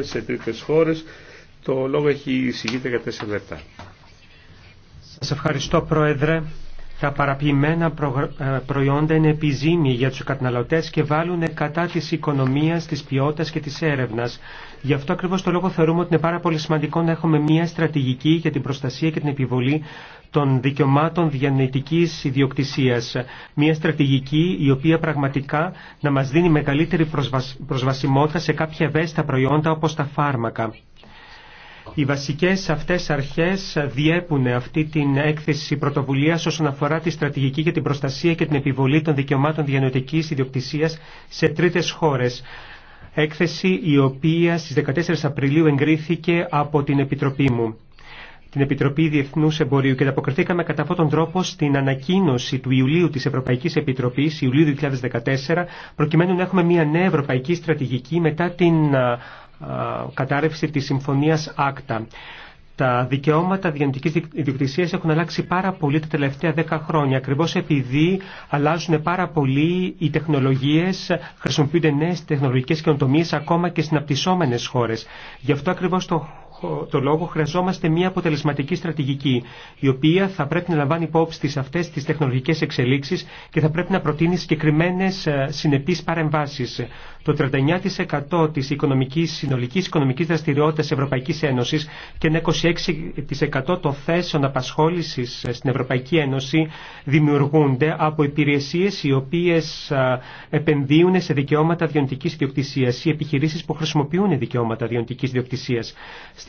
σε τρίτες χώρες. Το λόγο έχει εισηγείται για τέσσερα λεπτά. Σας ευχαριστώ Πρόεδρε. Τα παραποιημένα ε, προϊόντα είναι επιζήμιοι για τους καταναλωτές και βάλουν κατά της οικονομίας, της ποιότητας και της έρευνας. Γι' αυτό ακριβώς το λόγο θεωρούμε ότι είναι πάρα πολύ σημαντικό να έχουμε μια στρατηγική για την προστασία και την επιβολή των δικαιωμάτων διανοητικής ιδιοκτησίας. Μια στρατηγική η οποία πραγματικά να μας δίνει μεγαλύτερη προσβασιμότητα σε κάποια ευαίσθητα προϊόντα όπως τα φάρμακα. Οι βασικές αυτές αρχές διέπουν αυτή την έκθεση πρωτοβουλίας όσον αφορά τη στρατηγική για την προστασία και την επιβολή των δικαιωμάτων διανοητικής ιδιοκτησίας σε τρίτες χώρες. Έκθεση η οποία στις 14 Απριλίου εγκρίθηκε από την Επιτροπή μου την Επιτροπή Διεθνού Εμπορίου και ανταποκριθήκαμε κατά αυτόν τον τρόπο στην ανακοίνωση του Ιουλίου της Ευρωπαϊκής Επιτροπής, Ιουλίου 2014, προκειμένου να έχουμε μια νέα ευρωπαϊκή στρατηγική μετά την κατάρρευση της συμφωνίας Άκτα. Τα δικαιώματα διανοητική ιδιοκτησία έχουν αλλάξει πάρα πολύ τα τελευταία δέκα χρόνια, ακριβώ επειδή αλλάζουν πάρα πολύ οι τεχνολογίε, χρησιμοποιούνται νέε τεχνολογικέ καινοτομίε ακόμα και στι αναπτυσσόμενε χώρε. Γι' αυτό ακριβώ το το λόγο χρειαζόμαστε μια αποτελεσματική στρατηγική, η οποία θα πρέπει να λαμβάνει υπόψη τις αυτές τις τεχνολογικές εξελίξεις και θα πρέπει να προτείνει συγκεκριμένε ε, συνεπείς παρεμβάσεις. Το 39% της οικονομικής, συνολικής οικονομικής δραστηριότητας Ευρωπαϊκής Ένωσης και ένα 26% των θέσεων απασχόλησης ε, στην Ευρωπαϊκή Ένωση δημιουργούνται από υπηρεσίες οι οποίες ε, επενδύουν σε δικαιώματα διοντικής διοκτησίας ή επιχειρήσεις που χρησιμοποιούν δικαιώματα διοντικής διοκτησίας.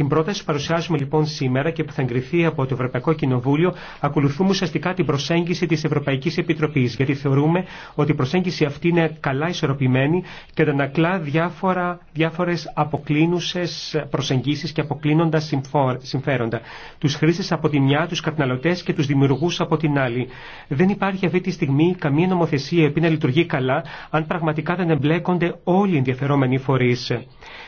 Την πρόταση που παρουσιάζουμε λοιπόν σήμερα και που θα εγκριθεί από το Ευρωπαϊκό Κοινοβούλιο ακολουθούμε ουσιαστικά την προσέγγιση τη Ευρωπαϊκή Επιτροπή, γιατί θεωρούμε ότι η προσέγγιση αυτή είναι καλά ισορροπημένη και αντανακλά διάφορε αποκλίνουσε προσεγγίσει και αποκλίνοντα συμφέροντα. Του χρήστε από τη μια, του καταναλωτέ και του δημιουργού από την άλλη. Δεν υπάρχει αυτή τη στιγμή καμία νομοθεσία η να λειτουργεί καλά αν πραγματικά δεν εμπλέκονται όλοι οι ενδιαφερόμενοι φορεί.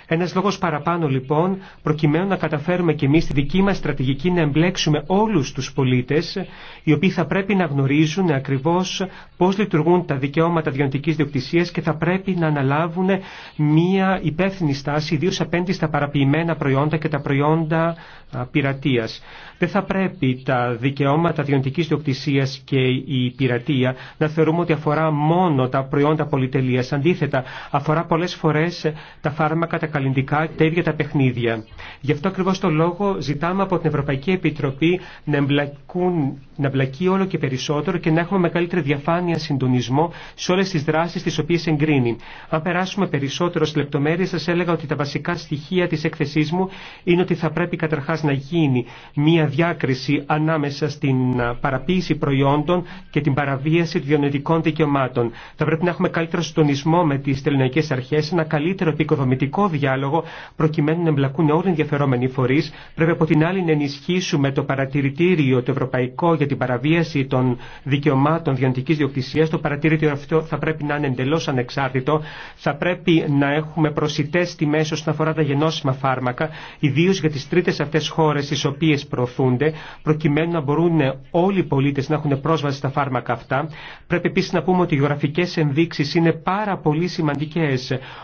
Ένα λόγο παραπάνω λοιπόν προκειμένου προκειμένου να καταφέρουμε και εμείς τη δική μας στρατηγική να εμπλέξουμε όλους τους πολίτες οι οποίοι θα πρέπει να γνωρίζουν ακριβώς πώς λειτουργούν τα δικαιώματα διοντικής διοκτησίας και θα πρέπει να αναλάβουν μία υπεύθυνη στάση ιδίω απέναντι στα παραποιημένα προϊόντα και τα προϊόντα πειρατεία. Δεν θα πρέπει τα δικαιώματα διοντικής διοκτησία και η πειρατεία να θεωρούμε ότι αφορά μόνο τα προϊόντα πολυτελείας. Αντίθετα, αφορά πολλές φορές τα φάρμακα, τα καλλιντικά, τα ίδια τα παιχνίδια. Γι' αυτό ακριβώ το λόγο ζητάμε από την Ευρωπαϊκή Επιτροπή να, εμπλακούν, να εμπλακεί όλο και περισσότερο και να έχουμε μεγαλύτερη διαφάνεια συντονισμό σε όλε τι δράσει τι οποίε εγκρίνει. Αν περάσουμε περισσότερο στι λεπτομέρειε, σα έλεγα ότι τα βασικά στοιχεία τη έκθεσή μου είναι ότι θα πρέπει καταρχά να γίνει μία διάκριση ανάμεσα στην παραποίηση προϊόντων και την παραβίαση των διονετικών δικαιωμάτων. Θα πρέπει να έχουμε καλύτερο συντονισμό με τι ελληνικέ αρχέ, ένα καλύτερο επικοδομητικό διάλογο προκειμένου να εμπλακούν όλοι οι αναφερόμενοι φορεί. Πρέπει από την άλλη να ενισχύσουμε το παρατηρητήριο το ευρωπαϊκό για την παραβίαση των δικαιωμάτων διοντική διοκτησία. Το παρατηρητήριο αυτό θα πρέπει να είναι εντελώ ανεξάρτητο. Θα πρέπει να έχουμε προσιτέ τιμέ όσον αφορά τα γενώσιμα φάρμακα, ιδίω για τι τρίτε αυτέ χώρε τι οποίε προωθούνται, προκειμένου να μπορούν όλοι οι πολίτε να έχουν πρόσβαση στα φάρμακα αυτά. Πρέπει επίση να πούμε ότι οι γεωγραφικέ ενδείξει είναι πάρα πολύ σημαντικέ,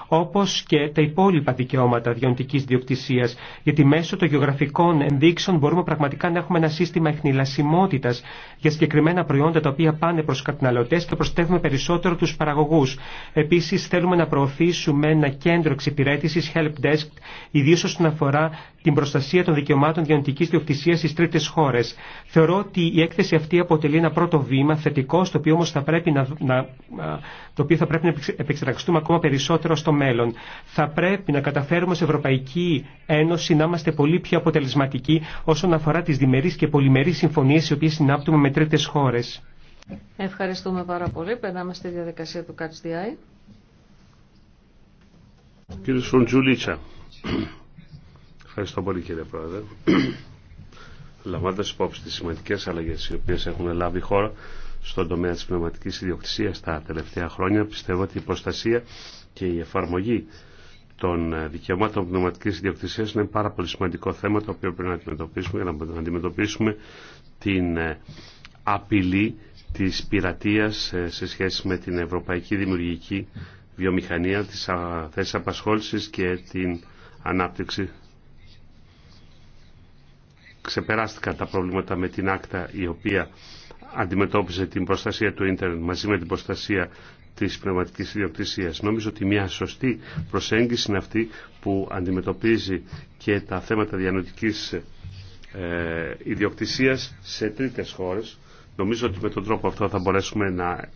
όπω και τα υπόλοιπα δικαιώματα διοντική διοκτησία γιατί μέσω των γεωγραφικών ενδείξεων μπορούμε πραγματικά να έχουμε ένα σύστημα εχνηλασιμότητα για συγκεκριμένα προϊόντα τα οποία πάνε προ καταναλωτέ και προστεύουμε περισσότερο του παραγωγού. Επίση, θέλουμε να προωθήσουμε ένα κέντρο εξυπηρέτηση, help desk, ιδίω όσον αφορά την προστασία των δικαιωμάτων διανοητική διοκτησία στι τρίτε χώρε. Θεωρώ ότι η έκθεση αυτή αποτελεί ένα πρώτο βήμα θετικό, στο οποίο όμω θα πρέπει να, να, το οποίο θα πρέπει να επεξεργαστούμε ακόμα περισσότερο στο μέλλον. Θα πρέπει να καταφέρουμε σε Ευρωπαϊκή Ένωση να είμαστε πολύ πιο αποτελεσματικοί όσον αφορά τις διμερείς και πολυμερείς συμφωνίες οι οποίες συνάπτουμε με τρίτες χώρες. Ευχαριστούμε πάρα πολύ. Περνάμε στη διαδικασία του ΚΑΤΣΔΙ. Κύριε Σοντζουλίτσα, ευχαριστώ πολύ κύριε Πρόεδρε. Λαμβάνοντα υπόψη τι σημαντικές αλλαγές οι οποίες έχουν λάβει η χώρα στον τομέα της πνευματική ιδιοκτησία τα τελευταία χρόνια, πιστεύω ότι η προστασία και η εφαρμογή των ε, δικαιωμάτων πνευματικής ιδιοκτησία είναι πάρα πολύ σημαντικό θέμα το οποίο πρέπει να αντιμετωπίσουμε για να αντιμετωπίσουμε την ε, απειλή της πειρατείας ε, σε σχέση με την ευρωπαϊκή δημιουργική βιομηχανία, τις θέση απασχόλησης και την ανάπτυξη. Ξεπεράστηκαν τα προβλήματα με την άκτα η οποία αντιμετώπιζε την προστασία του ίντερνετ μαζί με την προστασία της πνευματική ιδιοκτησίας. Νομίζω ότι μια σωστή προσέγγιση είναι αυτή που αντιμετωπίζει και τα θέματα διανοητικής ε, ιδιοκτησίας σε τρίτες χώρες. Νομίζω ότι με τον τρόπο αυτό θα μπορέσουμε να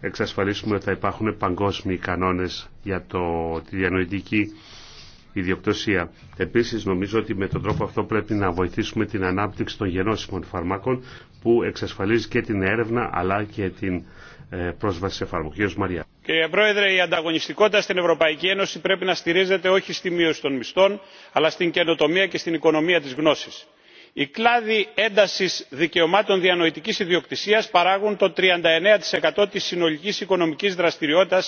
εξασφαλίσουμε ότι θα υπάρχουν παγκόσμιοι κανόνες για το, τη διανοητική ιδιοκτωσία. Επίσης νομίζω ότι με τον τρόπο αυτό πρέπει να βοηθήσουμε την ανάπτυξη των γενώσιμων φαρμάκων που εξασφαλίζει και την έρευνα αλλά και την ε, πρόσβαση σε φαρμακείο. Μαριά. Κύριε Πρόεδρε, η ανταγωνιστικότητα στην Ευρωπαϊκή Ένωση πρέπει να στηρίζεται όχι στη μείωση των μισθών, αλλά στην καινοτομία και στην οικονομία τη γνώση. Οι κλάδοι ένταση δικαιωμάτων διανοητική ιδιοκτησία παράγουν το 39% τη συνολική οικονομική δραστηριότητα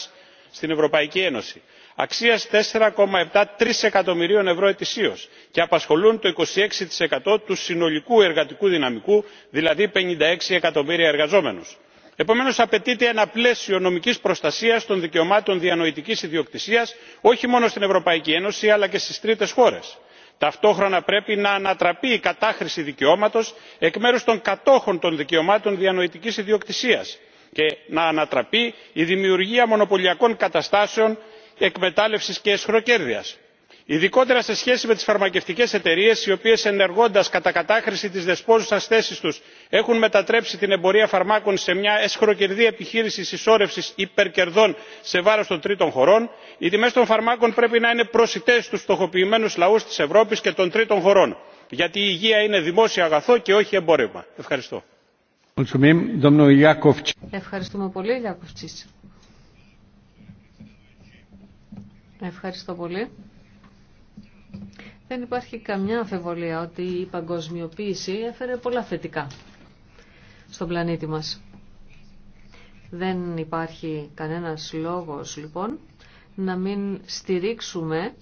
στην Ευρωπαϊκή Ένωση αξίας 4,7 επτά τρισεκατομμυρίων ευρώ ετησίως και απασχολούν το 26% του συνολικού εργατικού δυναμικού δηλαδή 56 εκατομμύρια εργαζόμενους. επομένως απαιτείται ένα πλαίσιο νομικής προστασίας των δικαιωμάτων διανοητικής ιδιοκτησίας όχι μόνο στην ευρωπαϊκή ένωση αλλά και στις τρίτες χώρες. ταυτόχρονα πρέπει να ανατραπεί η κατάχρηση δικαιώματος εκ μέρους των κατόχων των δικαιωμάτων διανοητικής ιδιοκτησίας και να ανατραπεί η δημιουργία μονοπωλιακών καταστάσεων εκμετάλλευσης και αισχροκέρδειας ειδικότερα σε σχέση με τις φαρμακευτικές εταιρείες οι οποίες ενεργώντας κατά κατάχρηση της δεσπόζουσας θέσης τους έχουν μετατρέψει την εμπορία φαρμάκων σε μια αισχροκερδή επιχείρηση συσσόρευσης υπερκερδών σε βάρος των τρίτων χωρών οι τιμές των φαρμάκων πρέπει να είναι προσιτές στους στοχοποιημένους λαούς της ευρώπης και των τρίτων χωρών γιατί η υγεία είναι δημόσιο αγαθό και όχι εμπόρευμα. Ευχαριστώ. Ευχαριστούμε πολύ, Ευχαριστώ πολύ. Δεν υπάρχει καμιά αφεβολία ότι η παγκοσμιοποίηση έφερε πολλά θετικά στον πλανήτη μας. Δεν υπάρχει κανένας λόγος λοιπόν να μην στηρίξουμε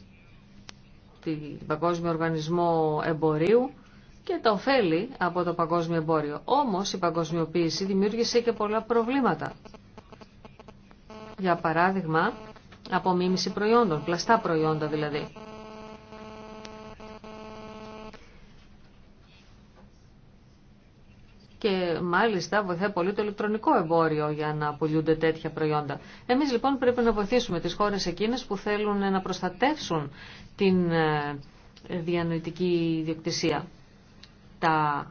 την Παγκόσμιο Οργανισμό Εμπορίου και τα ωφέλη από το παγκόσμιο εμπόριο. Όμως η παγκοσμιοποίηση δημιούργησε και πολλά προβλήματα. Για παράδειγμα, απομίμηση προϊόντων, πλαστά προϊόντα δηλαδή. και μάλιστα βοηθάει πολύ το ηλεκτρονικό εμπόριο για να πουλούνται τέτοια προϊόντα. Εμείς λοιπόν πρέπει να βοηθήσουμε τις χώρες εκείνες που θέλουν να προστατεύσουν την ε, διανοητική ιδιοκτησία. Τα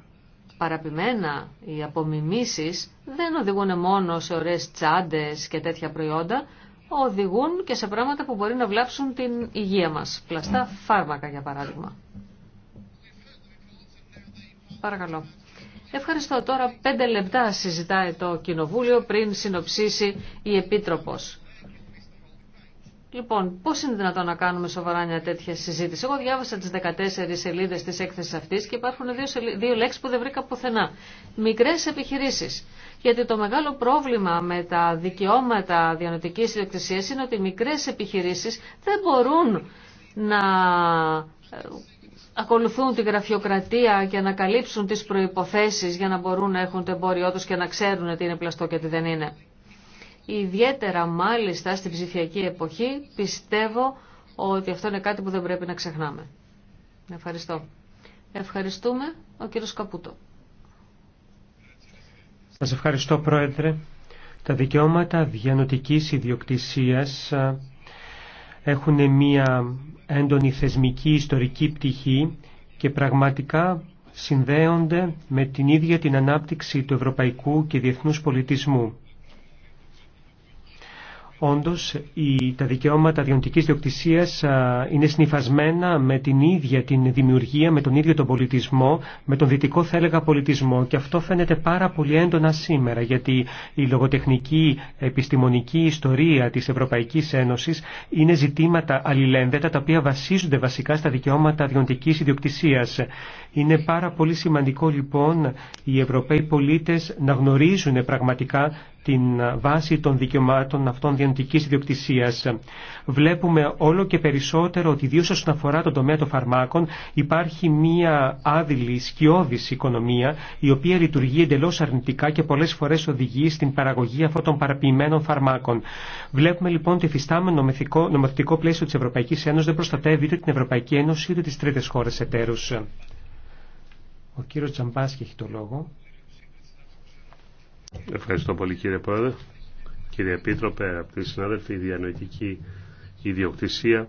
παραπημένα, οι απομιμήσεις δεν οδηγούν μόνο σε ωραίες τσάντες και τέτοια προϊόντα, οδηγούν και σε πράγματα που μπορεί να βλάψουν την υγεία μας. Πλαστά φάρμακα για παράδειγμα. Παρακαλώ. Ευχαριστώ. Τώρα πέντε λεπτά συζητάει το Κοινοβούλιο πριν συνοψίσει η Επίτροπος. Λοιπόν, πώ είναι δυνατόν να κάνουμε σοβαρά μια τέτοια συζήτηση. Εγώ διάβασα τι 14 σελίδε τη έκθεση αυτή και υπάρχουν δύο, δύο λέξει που δεν βρήκα πουθενά. Μικρέ επιχειρήσει. Γιατί το μεγάλο πρόβλημα με τα δικαιώματα διανοτική ιδιοκτησία είναι ότι μικρέ επιχειρήσει δεν μπορούν να ε, ακολουθούν τη γραφειοκρατία και να καλύψουν τις προϋποθέσεις για να μπορούν να έχουν το εμπόριό τους και να ξέρουν τι είναι πλαστό και τι δεν είναι ιδιαίτερα μάλιστα στην ψηφιακή εποχή, πιστεύω ότι αυτό είναι κάτι που δεν πρέπει να ξεχνάμε. Ευχαριστώ. Ευχαριστούμε ο κύριος Καπούτο. Σας ευχαριστώ Πρόεδρε. Τα δικαιώματα διανοτικής ιδιοκτησίας ε, έχουν μία έντονη θεσμική ιστορική πτυχή και πραγματικά συνδέονται με την ίδια την ανάπτυξη του ευρωπαϊκού και διεθνούς πολιτισμού. Όντως, τα δικαιώματα διοντικής διοκτησίας είναι συνειφασμένα με την ίδια την δημιουργία, με τον ίδιο τον πολιτισμό, με τον δυτικό θα έλεγα πολιτισμό και αυτό φαίνεται πάρα πολύ έντονα σήμερα γιατί η λογοτεχνική επιστημονική ιστορία της Ευρωπαϊκής Ένωσης είναι ζητήματα αλληλένδετα τα οποία βασίζονται βασικά στα δικαιώματα διοντικής ιδιοκτησίας. Είναι πάρα πολύ σημαντικό λοιπόν οι Ευρωπαίοι πολίτες να γνωρίζουν πραγματικά την βάση των δικαιωμάτων αυτών διανοητικής ιδιοκτησίας. Βλέπουμε όλο και περισσότερο ότι ιδίως όσον αφορά τον τομέα των φαρμάκων υπάρχει μία άδειλη, σκιώδης οικονομία η οποία λειτουργεί εντελώς αρνητικά και πολλές φορές οδηγεί στην παραγωγή αυτών των παραποιημένων φαρμάκων. Βλέπουμε λοιπόν το φυστάμενο νομοθετικό πλαίσιο της Ευρωπαϊκής Ένωσης δεν προστατεύει ούτε την Ευρωπαϊκή Ένωση ούτε τις τρίτες χώρες εταίρους. Ο κύριος Τσαμπάσκη έχει το λόγο. Ευχαριστώ πολύ κύριε Πρόεδρε. Κύριε Επίτροπε, αγαπητοί συνάδελφοι, η διανοητική ιδιοκτησία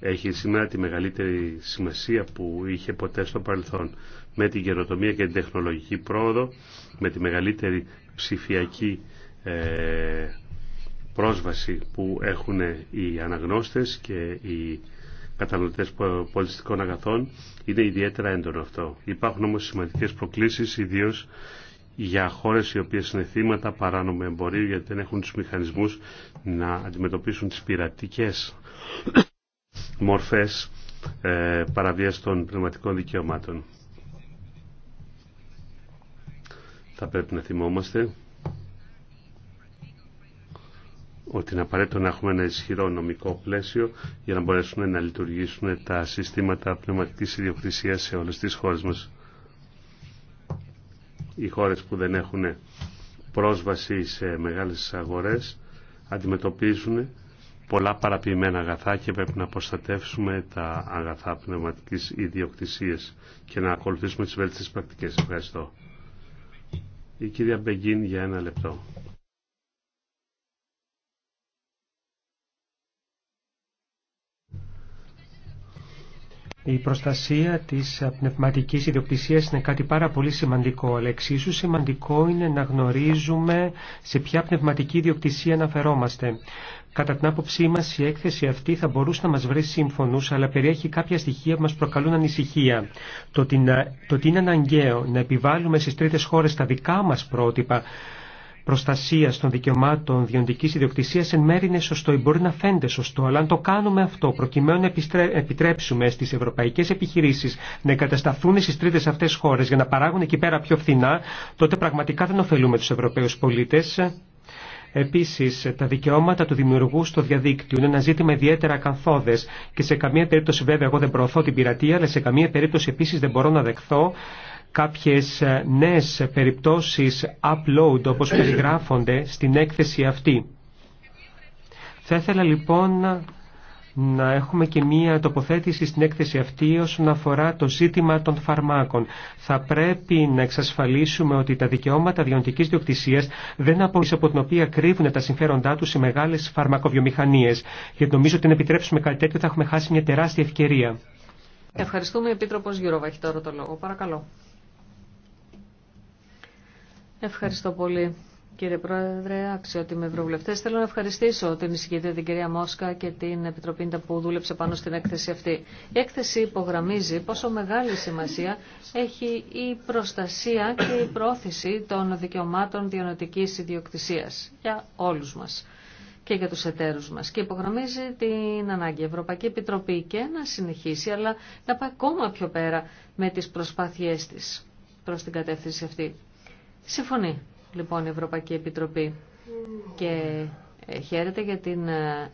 έχει σήμερα τη μεγαλύτερη σημασία που είχε ποτέ στο παρελθόν. Με την καινοτομία και την τεχνολογική πρόοδο, με τη μεγαλύτερη ψηφιακή ε, πρόσβαση που έχουν οι αναγνώστες και οι καταναλωτές πολιτιστικών αγαθών είναι ιδιαίτερα έντονο αυτό. Υπάρχουν όμως σημαντικές προκλήσεις ιδίως για χώρες οι οποίες είναι θύματα παράνομου εμπορίου γιατί δεν έχουν τους μηχανισμούς να αντιμετωπίσουν τις πειρατικές μορφές ε, των πνευματικών δικαιωμάτων. Θα πρέπει να θυμόμαστε ότι είναι απαραίτητο να έχουμε ένα ισχυρό νομικό πλαίσιο για να μπορέσουν να λειτουργήσουν τα συστήματα πνευματικής ιδιοκτησίας σε όλες τις χώρες μας. Οι χώρες που δεν έχουν πρόσβαση σε μεγάλες αγορές αντιμετωπίζουν πολλά παραποιημένα αγαθά και πρέπει να προστατεύσουμε τα αγαθά πνευματικής ιδιοκτησίας και να ακολουθήσουμε τις βέλτιστες πρακτικές. Ευχαριστώ. Η κυρία Μπεγκίν για ένα λεπτό. Η προστασία της πνευματικής ιδιοκτησίας είναι κάτι πάρα πολύ σημαντικό, αλλά εξίσου σημαντικό είναι να γνωρίζουμε σε ποια πνευματική ιδιοκτησία αναφερόμαστε. Κατά την άποψή μας η έκθεση αυτή θα μπορούσε να μας βρει σύμφωνους, αλλά περιέχει κάποια στοιχεία που μας προκαλούν ανησυχία. Το ότι, είναι αναγκαίο να επιβάλλουμε στις τρίτες χώρες τα δικά μας πρότυπα, προστασία των δικαιωμάτων διοντική ιδιοκτησία εν μέρη είναι σωστό ή μπορεί να φαίνεται σωστό, αλλά αν το κάνουμε αυτό προκειμένου να επιτρέψουμε στι ευρωπαϊκέ επιχειρήσει να εγκατασταθούν στι τρίτε αυτέ χώρε για να παράγουν εκεί πέρα πιο φθηνά, τότε πραγματικά δεν ωφελούμε του Ευρωπαίου πολίτε. Επίση, τα δικαιώματα του δημιουργού στο διαδίκτυο είναι ένα ζήτημα ιδιαίτερα καθόδε και σε καμία περίπτωση, βέβαια, εγώ δεν προωθώ την πειρατεία, αλλά σε καμία περίπτωση επίση δεν μπορώ να δεχθώ κάποιες ε, νέες περιπτώσεις upload όπως περιγράφονται στην έκθεση αυτή. Θα ήθελα λοιπόν να έχουμε και μία τοποθέτηση στην έκθεση αυτή όσον αφορά το ζήτημα των φαρμάκων. Θα πρέπει να εξασφαλίσουμε ότι τα δικαιώματα διοντικής διοκτησίας δεν απορροφούν από την οποία κρύβουν τα συμφέροντά τους οι μεγάλες φαρμακοβιομηχανίες. Γιατί νομίζω ότι αν επιτρέψουμε κάτι τέτοιο θα έχουμε χάσει μια τεράστια ευκαιρία. Ευχαριστούμε. Επίτροπος Γιώργο έχει τώρα το λόγο. Παρακαλώ. Ευχαριστώ πολύ. Κύριε Πρόεδρε, αξιότιμοι ευρωβουλευτέ, θέλω να ευχαριστήσω την εισηγητή την κυρία Μόσκα και την Επιτροπή που δούλεψε πάνω στην έκθεση αυτή. Η έκθεση υπογραμμίζει πόσο μεγάλη σημασία έχει η προστασία και η πρόθεση των δικαιωμάτων διανοτική ιδιοκτησία για όλου μα και για τους εταίρους μας και υπογραμμίζει την ανάγκη η Ευρωπαϊκή Επιτροπή και να συνεχίσει αλλά να πάει ακόμα πιο πέρα με τις προσπάθειές της προς την κατεύθυνση αυτή. Συμφωνεί λοιπόν η Ευρωπαϊκή Επιτροπή και ε, χαίρεται για την ε,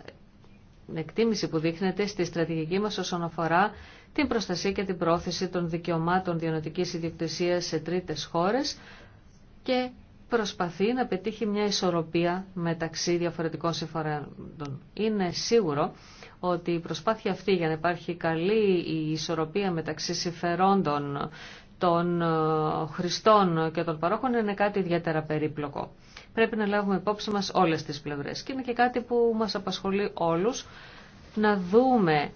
εκτίμηση που δείχνεται στη στρατηγική μας όσον αφορά την προστασία και την πρόθεση των δικαιωμάτων διονοτικής ιδιοκτησίας σε τρίτες χώρες και προσπαθεί να πετύχει μια ισορροπία μεταξύ διαφορετικών συμφερόντων. Είναι σίγουρο ότι η προσπάθεια αυτή για να υπάρχει καλή η ισορροπία μεταξύ συμφερόντων των ε, χρηστών και των παρόχων είναι κάτι ιδιαίτερα περίπλοκο. Πρέπει να λάβουμε υπόψη μας όλες τις πλευρές και είναι και κάτι που μας απασχολεί όλους να δούμε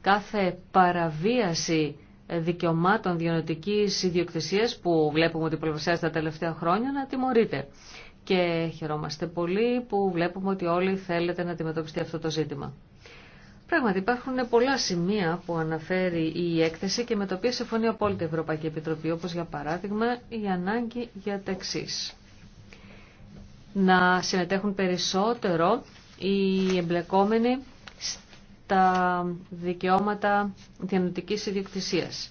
κάθε παραβίαση δικαιωμάτων διονοτικής ιδιοκτησίας που βλέπουμε ότι πλευρασιάζει τα τελευταία χρόνια να τιμωρείται. Και χαιρόμαστε πολύ που βλέπουμε ότι όλοι θέλετε να αντιμετωπιστεί αυτό το ζήτημα. Πράγματι υπάρχουν πολλά σημεία που αναφέρει η έκθεση και με τα οποία συμφωνεί απόλυτη η Ευρωπαϊκή Επιτροπή, όπως για παράδειγμα η ανάγκη για τα εξή. Να συμμετέχουν περισσότερο οι εμπλεκόμενοι στα δικαιώματα διανοητικής ιδιοκτησίας,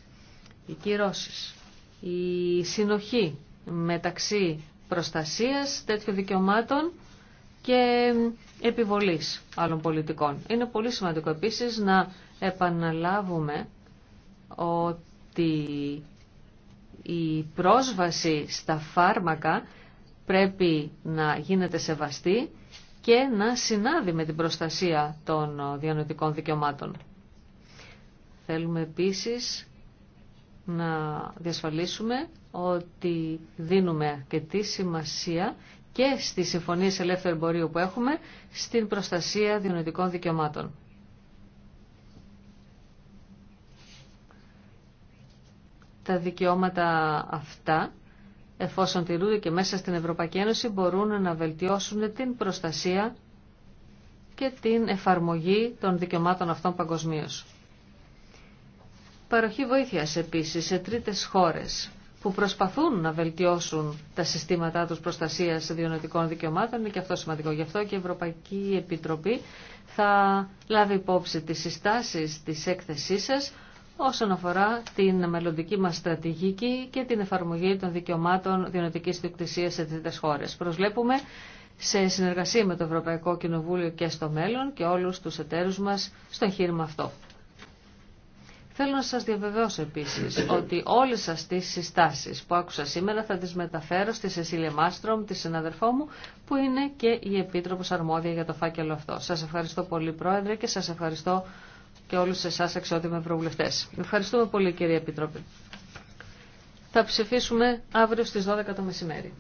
οι κυρώσεις, η συνοχή μεταξύ προστασίας τέτοιων δικαιωμάτων και επιβολής άλλων πολιτικών. Είναι πολύ σημαντικό επίσης να επαναλάβουμε ότι η πρόσβαση στα φάρμακα πρέπει να γίνεται σεβαστή και να συνάδει με την προστασία των διανοητικών δικαιωμάτων. Θέλουμε επίσης να διασφαλίσουμε ότι δίνουμε αρκετή σημασία και στις συμφωνίες ελεύθερου εμπορίου που έχουμε στην προστασία διονυτικών δικαιωμάτων. Τα δικαιώματα αυτά, εφόσον τηρούνται και μέσα στην Ευρωπαϊκή Ένωση, μπορούν να βελτιώσουν την προστασία και την εφαρμογή των δικαιωμάτων αυτών παγκοσμίω. Παροχή βοήθειας επίσης σε τρίτες χώρες που προσπαθούν να βελτιώσουν τα συστήματά τους προστασίας διονοτικών δικαιωμάτων. Είναι και αυτό σημαντικό. Γι' αυτό και η Ευρωπαϊκή Επιτροπή θα λάβει υπόψη τις συστάσεις της έκθεσής σας όσον αφορά την μελλοντική μας στρατηγική και την εφαρμογή των δικαιωμάτων διονοτικής διοκτησίας σε τρίτες χώρες. Προσβλέπουμε σε συνεργασία με το Ευρωπαϊκό Κοινοβούλιο και στο μέλλον και όλους τους εταίρους μας στο εγχείρημα αυτό. Θέλω να σας διαβεβαιώσω επίσης ότι όλες σας τις συστάσεις που άκουσα σήμερα θα τις μεταφέρω στη Σεσίλια Μάστρομ, τη συναδερφό μου, που είναι και η Επίτροπος Αρμόδια για το φάκελο αυτό. Σας ευχαριστώ πολύ Πρόεδρε και σας ευχαριστώ και όλους εσάς αξιότιμοι προβλευτές. Ευχαριστούμε πολύ κύριε Επίτροπε. Θα ψηφίσουμε αύριο στις 12 το μεσημέρι.